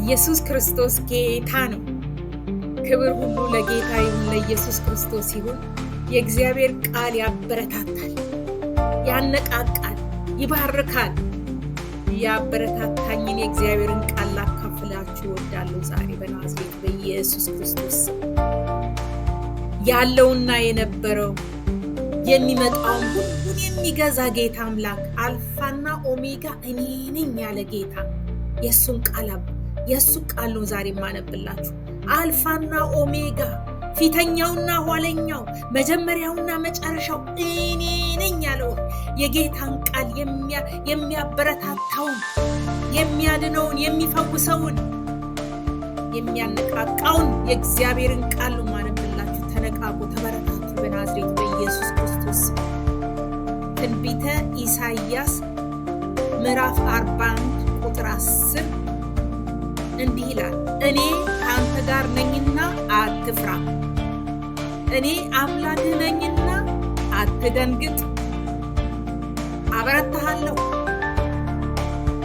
ኢየሱስ ክርስቶስ ጌታ ነው። ክብር ሁሉ ለጌታ ይሁን፣ ለኢየሱስ ክርስቶስ ይሁን። የእግዚአብሔር ቃል ያበረታታል፣ ያነቃቃል፣ ይባርካል። ያበረታታኝን የእግዚአብሔርን ቃል ላካፍላችሁ እወዳለሁ ዛሬ በናዝሬት በኢየሱስ ክርስቶስ ያለውና የነበረው የሚመጣውን ሁሉን የሚገዛ ጌታ አምላክ አልፋና ኦሜጋ እኔ ነኝ ያለ ጌታ የእሱን ቃል የእሱ ቃል ነው ዛሬ የማነብላችሁ። አልፋና ኦሜጋ ፊተኛውና ኋለኛው መጀመሪያውና መጨረሻው እኔ ነኝ ያለውን የጌታን ቃል የሚያበረታታውን፣ የሚያድነውን፣ የሚፈውሰውን፣ የሚያነቃቃውን የእግዚአብሔርን ቃል ነው ማነብላችሁ። ተነቃቁ፣ ተበረታቱ። በናዝሬት በኢየሱስ ክርስቶስ ትንቢተ ኢሳይያስ ምዕራፍ 41 ቁጥር 10 እንዲህ ይላል፣ እኔ ከአንተ ጋር ነኝና አትፍራ፣ እኔ አምላክህ ነኝና አትደንግጥ። አበረታሃለሁ፣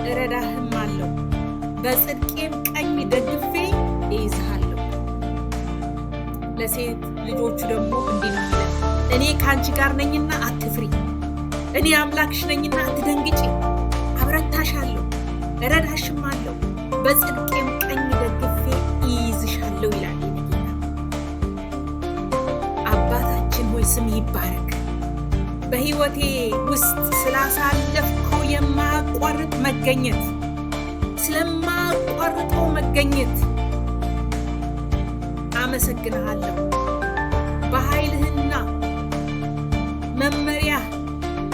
እረዳህም አለሁ፣ በጽድቄም ቀኝ ደግፌ እይዝሃለሁ። ለሴት ልጆቹ ደግሞ እንዲህ ነው ይላል፣ እኔ ከአንቺ ጋር ነኝና አትፍሪ፣ እኔ አምላክሽ ነኝና አትደንግጪ፣ አብረታሻለሁ፣ እረዳሽም አለሁ በጽድቄ ስም ይባረክ። በሕይወቴ ውስጥ ስላሳለፍከው የማያቋርጥ መገኘት፣ ስለማያቋርጠው መገኘት አመሰግንሃለሁ። በኃይልህና መመሪያ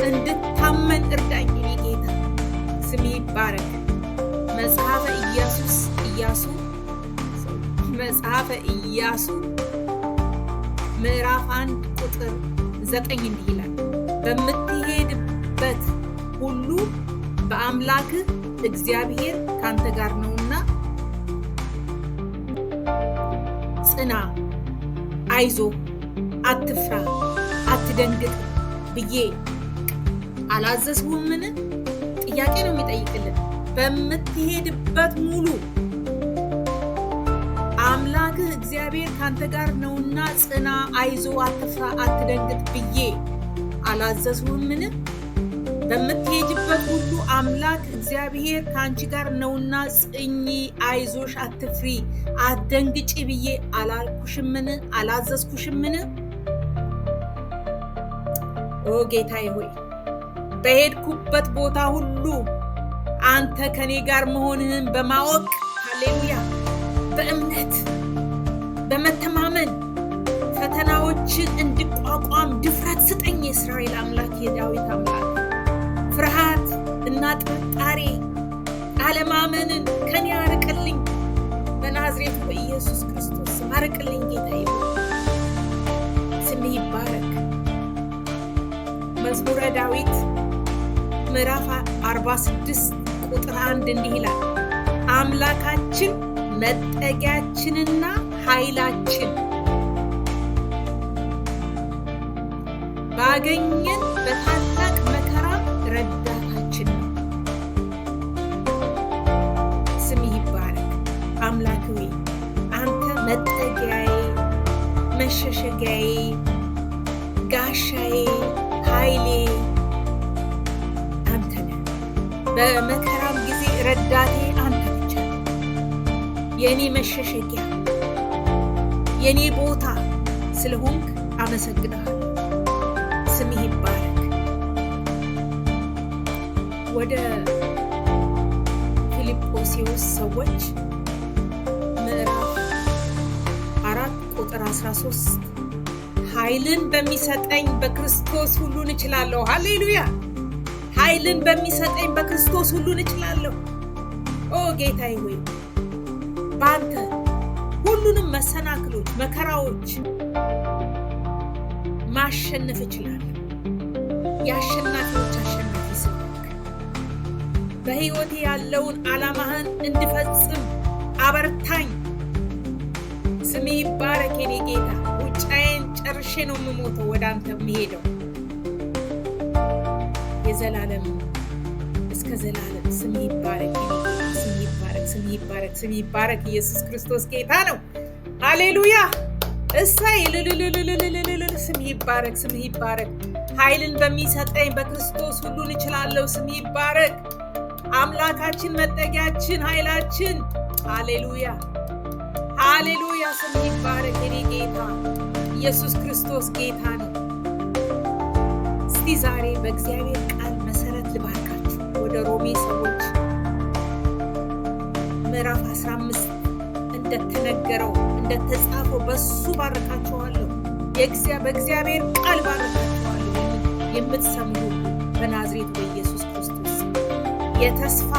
እንድታመን እርዳኝ። እኔ ጌታ ስም ይባረክ። መጽሐፈ ኢያሱስ ኢያሱ መጽሐፈ ኢያሱ ምዕራፍ አንድ ቁጥር ዘጠኝ እንዲህ ይላል በምትሄድበት ሁሉ በአምላክህ እግዚአብሔር ካንተ ጋር ነውና ጽና፣ አይዞ፣ አትፍራ፣ አትደንግጥ ብዬ አላዘዝሁምን? ጥያቄ ነው የሚጠይቅልን። በምትሄድበት ሙሉ አምላክህ እግዚአብሔር ካንተ ጋር ነውና ጽና፣ አይዞ፣ አትፍራ፣ አትደንግጥ ብዬ አላዘዝሁምን? በምትሄጅበት ሁሉ አምላክ እግዚአብሔር ከአንቺ ጋር ነውና ጽኚ፣ አይዞሽ፣ አትፍሪ፣ አትደንግጪ ብዬ አላልኩሽምን? አላዘዝኩሽምን? ኦ ጌታዬ ሆይ በሄድኩበት ቦታ ሁሉ አንተ ከኔ ጋር መሆንህን በማወቅ ሃሌሉያ በእምነት በመተማመን ፈተናዎችን እንድቋቋም ድፍረት ስጠኝ የእስራኤል አምላክ የዳዊት አምላክ። ፍርሃት እና ጥርጣሬ አለማመንን ከኔ አርቅልኝ፣ በናዝሬት በኢየሱስ ክርስቶስ አርቅልኝ ጌታ ስምህ ይባረክ። መዝሙረ ዳዊት ምዕራፍ 46 ቁጥር አንድ እንዲህ ይላል፣ አምላካችን መጠጊያችንና ኃይላችን ባገኘን በታላቅ መከራ ረዳታችን ስም ይባረክ። አምላክ ሆይ አንተ መጠጊያዬ፣ መሸሸጊያዬ፣ ጋሻዬ፣ ኃይሌ አንተ ነህ። በመከራም ጊዜ ረዳቴ አንተ ብቻ የእኔ መሸሸጊያ የኔ ቦታ ስለሆንክ አመሰግናለሁ። ስምህ ይባረክ። ወደ ፊልጵስዩስ ሰዎች ምዕራፍ አራት ቁጥር 13 ኃይልን በሚሰጠኝ በክርስቶስ ሁሉን እችላለሁ። ሃሌሉያ! ኃይልን በሚሰጠኝ በክርስቶስ ሁሉን እችላለሁ። ኦ ጌታዬ ወይ በአንተ ሁሉንም መሰናክሎ መከራዎች ማሸነፍ እችላለሁ። የአሸናፊዎች አሸናፊ ስልክ በሕይወቴ ያለውን ዓላማህን እንድፈጽም አበርታኝ። ስሜ ይባረክ የኔ ጌታ። ውጫዬን ጨርሼ ነው የምሞተው ወደ አንተ የሚሄደው የዘላለም እስከ ዘላለም ስሜ ይባረክ፣ ስሜ ይባረክ፣ ስሜ ይባረክ፣ ስሜ ይባረክ። ኢየሱስ ክርስቶስ ጌታ ነው። ሃሌሉያ እሰይ ልልልልልልልልል ስም ይባረክ፣ ስም ይባረክ። ኃይልን በሚሰጠኝ በክርስቶስ ሁሉን እችላለሁ። ስም ይባረክ አምላካችን፣ መጠጊያችን፣ ኃይላችን። ሃሌሉያ ሃሌሉያ፣ ስም ይባረክ። እኔ ጌታ ኢየሱስ ክርስቶስ ጌታ ነው። እስቲ ዛሬ በእግዚአብሔር ቃል መሰረት ልባርካችሁ ወደ ሮሜ ሰዎች ምዕራፍ 15 እንደተነገረው እንደተጻፈው በሱ ባረካችኋለሁ። በእግዚአብሔር ቃል ባረካችኋለሁ። የምትሰሙ በናዝሬት በኢየሱስ ክርስቶስ የተስፋ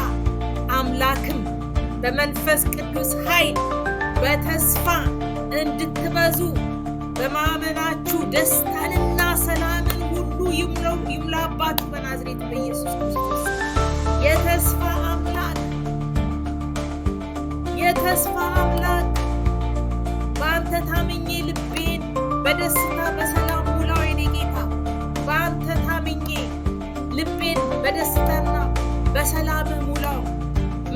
አምላክም በመንፈስ ቅዱስ ኃይል በተስፋ እንድትበዙ በማመናችሁ ደስታንና ሰላምን ሁሉ ይምለው ይምላባችሁ በናዝሬት በኢየሱስ ክርስቶስ የተስፋ አምላክ የተስፋ በደስታ በሰላም ሙላ የኔ ጌታ በአንተ ታምኜ ልቤን በደስታና በሰላም ሙላው።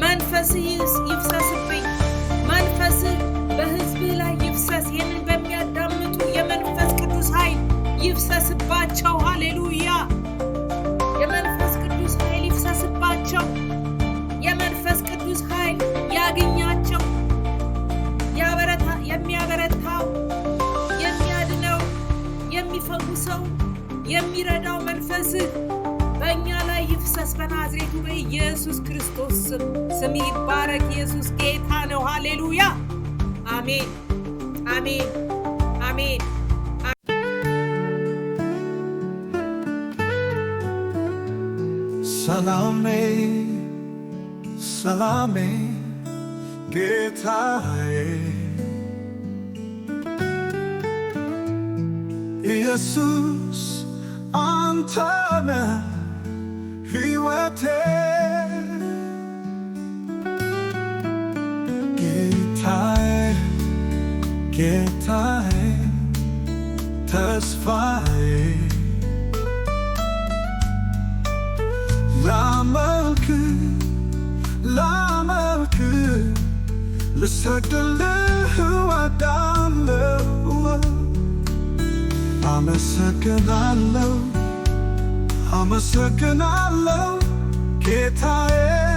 መንፈስ ይፍሰስብኝ። መንፈስ በህዝብ ላይ ይፍሰስ። ይህንን በሚያዳምጡ የመንፈስ ቅዱስ ኃይል ይፍሰስባ ፈስህ በእኛ ላይ ይፍሰስ በናዝሬቱ በኢየሱስ ክርስቶስ ስም። ስም ይባረክ። ኢየሱስ ጌታ ነው። ሃሌሉያ። አሜን፣ አሜን፣ አሜን። ሰላሜ ሰላሜ ጌታዬ ኢየሱስ Antana Hiwate Getae Getae Tasfae Lamalkı Lamalkı Lısaklı Huadanlı Huadanlı አመሰግናለሁ አመሰግናለሁ ጌታዬ